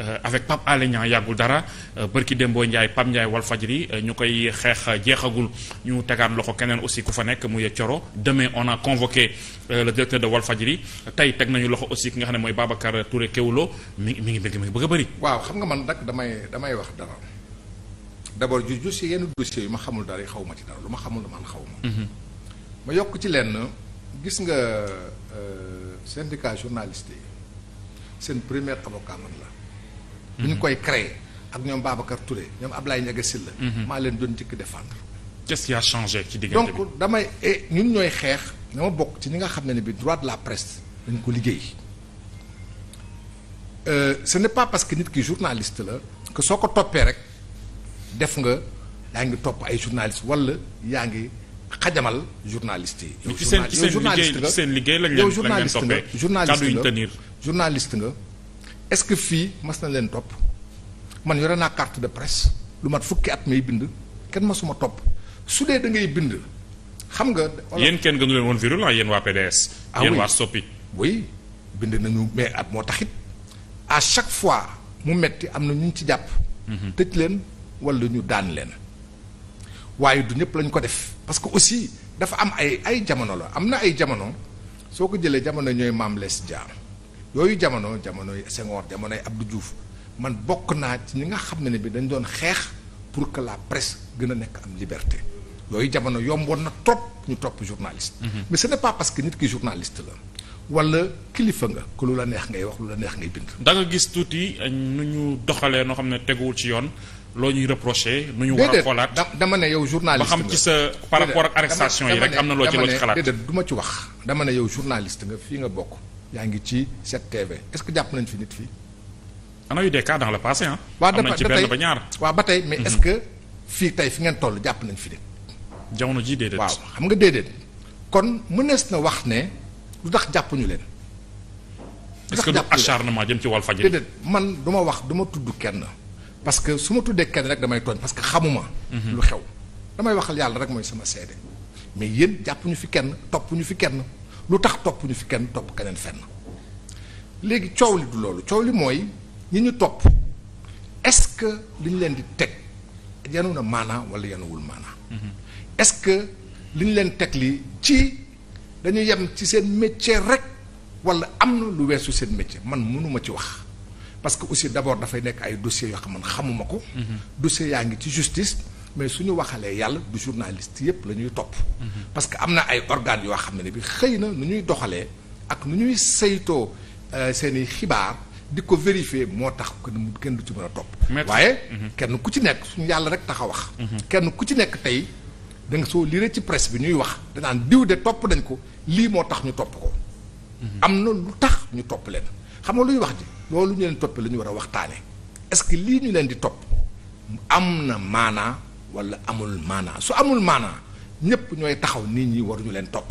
Euh, avec Pape Alé Niang yàggul dara euh, bërki Dembo Ndiaye Pape faj Walfadjri euh, ñu koy xeex jeexagul ñu tegaat loxo keneen aussi ku fa nekk muy coro demain on a convoqué le directeur faj Walfadjri tey teg nañu loxo aussi ki nga xam ne mooy Babacar Touré Kewulo mi mi ngi bëgg mi ngi bëgg a bëri. waaw xam nga man nag damay damay wax dara d'abord ju ju si yenn dossiers yu ma xamul dara xaw ma ci dara lu ma xamul man xaw ma. Mm-hmm. ma yokk ci lenn gis nga syndicat seen premier avocat man la. bu ñu koy créer ak ñoom Babacar Touré ñoom Ablaye Ndiaga Sylla mhm. maa leen doon njëkk défendre a changé ci diggante bi donc damay eh, ñun ñooy xeex dama bokk ci ñi nga xam ne ne bi droit de la presse dañ ko liggéey euh, ce ne pas parce que nit ki journaliste la que soo ko toppee rek def nga yaa ngi topp ay journaliste wala yaa ngi xajamal journaliste yi. yow journaliste nga ci seen liggéey lañ leen toppee journaliste nga journaliste nga. est-ce que fii mas na leen topp man yore naa carte de presse lu mat fukki at may bind kenn masuma topp su dee da ngay bind xam nga. yéen kenn gënu leen woon virulent yéen waa PDS. ah yéen waa Sopi. oui bind nañu mais at moo taxit a chaque fois mu metti am na ñu ñu ci jàpp. Mhm. tëj leen wala ñu daan leen. waaye du ñëpp lañ ko def parce que aussi dafa am ay ay jamono la am na ay jamono soo ko jëlee jamono ñooy maam les jaar yooyu jamono jamonoy Senghor jamonoy Abdou Diouf man bokk naa ci ni nga xam ne ne bi dañ doon xeex pour que la presse gën a nekk am liberté yooyu jamono yomboon na trop ñu topp journaliste. Mhm. mais ce n'est pas parce que nit ki journaliste la. wala kilifa nga ko lu la neex ngay wax lu la neex ngay bind. da nga gis tuuti nu ñu doxalee noo xam ne teguwul ci yoon loo ñuy reproché. nu ñu war a xoolaat dama ne yow journaliste nga ba xam ci sa par rapport ak arrestation yi rek am na loo ci loo du ma ci wax. dama yow journaliste nga fii nga bokk. yaa ngi ci 7TV est que jàpp nañ fi nit fii. am na eu des cas dans le passé ba ñaar waaw ba tey mais mhm. est-ce que fii tey fi ngeen toll jàpp nañ fi nit. jamono ji déedéet. waaw xam nga déedéet kon mënees na wax ne lu tax jàppuñu leen. est-ce que du acharnement jëm ci Walfadjri. déedéet man du ma wax du tudd kenn. parce que su ma tuddee kenn rek damay tooñ parce que xamuma. Mhm. lu xew damay waxal yàlla rek mooy sama seede. mais yéen jàppuñu fi kenn toppuñu fi kenn. lu tax topp ñu fi kenn topp keneen fenn léegi coow li du loolu coow li mooy ñi ñu topp est-ce que li ñu leen di teg yanu na maanaa wala yenuwul maanaa mm-hmm. est-ce que li ñu leen teg li ci dañu yem ci seen métier rek wala am na lu weesu seen métier man mënuma ci wax parce que aussi d'abord dafay nekk ay dossiers yoo xam man xamuma ko mm-hmm. dossiers yaa ngi ci justice mais su ñu waxalee yàlla du journaliste yépp la ñuy topp parce que am na ay organes yoo xam ne bi xëy na nu ñuy doxalee ak nu ñuy saytoo euh, seen i xibaar di ko vérifier moo tax kenn du ci mën a topp waaye mhm. kenn ku ci nekk suñu yàlla rek tax a wax mhm. kenn ku ci nekk tey da nga lii rek ci presse bi ñuy wax danaan diw de topp dañ ko lii moo tax ñu topp ko mhm. am na lu tax ñu topp leen xam nga luy wax ji loolu ñu leen toppee la ñu war a waxtaanee est-ce que lii ñu leen di topp wala amul maanaa su amul maana ñépp ñooy taxaw nit ñi waruñu leen topp